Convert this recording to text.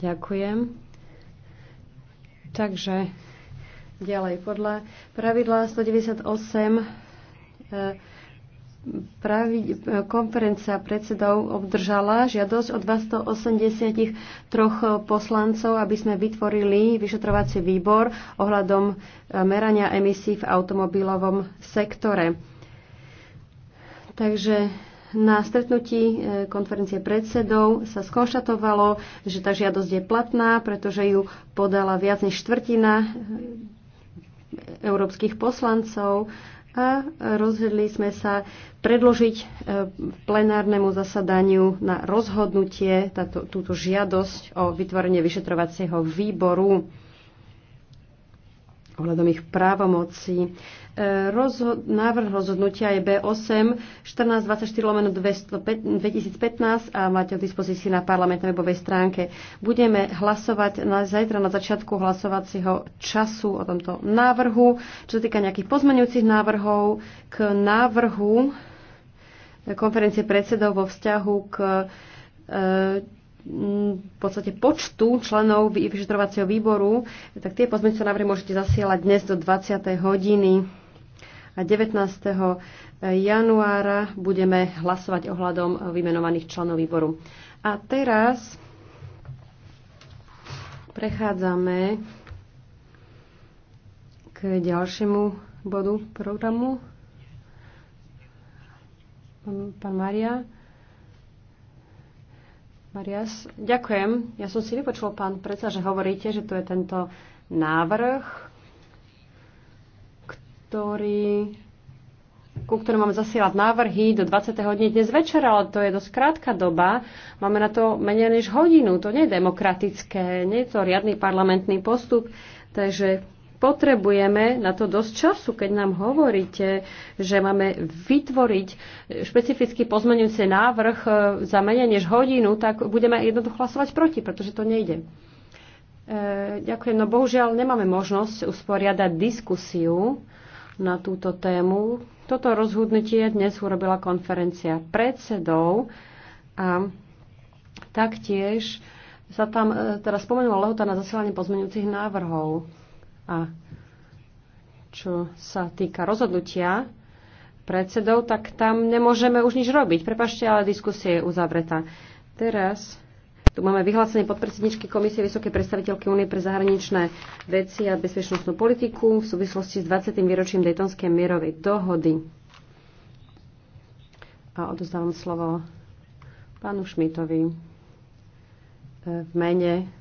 Ďakujem. Takže ďalej podľa pravidla 198 e, pravi, konferencia predsedov obdržala žiadosť od 283 poslancov, aby sme vytvorili vyšetrovací výbor ohľadom e, merania emisí v automobilovom sektore. Takže na stretnutí e, konferencie predsedov sa skonštatovalo, že tá žiadosť je platná, pretože ju podala viac než štvrtina e, európskych poslancov a rozhodli sme sa predložiť e, plenárnemu zasadaniu na rozhodnutie táto, túto žiadosť o vytvorenie vyšetrovacieho výboru ohľadom ich právomocí. E, Rozhod- návrh rozhodnutia je B8 1424 lomeno 2015 a máte k dispozícii na parlamentnej webovej stránke. Budeme hlasovať na, zajtra na začiatku hlasovacieho času o tomto návrhu. Čo sa týka nejakých pozmeňujúcich návrhov k návrhu konferencie predsedov vo vzťahu k e, Mm, v podstate počtu členov vyšetrovacieho výboru, tak tie pozmeňujúce návrhy môžete zasielať dnes do 20. hodiny. A 19. januára budeme hlasovať ohľadom vymenovaných členov výboru. A teraz prechádzame k ďalšiemu bodu programu. Pán Maria. Marias, ďakujem. Ja som si vypočul, pán predsa, že hovoríte, že tu je tento návrh, ktorý, ku ktorému máme zasielať návrhy do 20. hodiny dnes večer, ale to je dosť krátka doba. Máme na to menej než hodinu. To nie je demokratické, nie je to riadny parlamentný postup. Takže potrebujeme na to dosť času, keď nám hovoríte, že máme vytvoriť špecificky pozmenujúci návrh e, za menej než hodinu, tak budeme jednoducho hlasovať proti, pretože to nejde. E, ďakujem. No bohužiaľ nemáme možnosť usporiadať diskusiu na túto tému. Toto rozhodnutie dnes urobila konferencia predsedov a taktiež sa tam e, teraz spomenula lehota na zasilanie pozmenujúcich návrhov. A čo sa týka rozhodnutia predsedov, tak tam nemôžeme už nič robiť. Prepašte, ale diskusia je uzavretá. Teraz tu máme vyhlásenie podpredsedničky Komisie Vysokej predstaviteľky Únie pre zahraničné veci a bezpečnostnú politiku v súvislosti s 20. výročím Daytonskej mierovej dohody. A odozdávam slovo pánu Šmitovi eh, v mene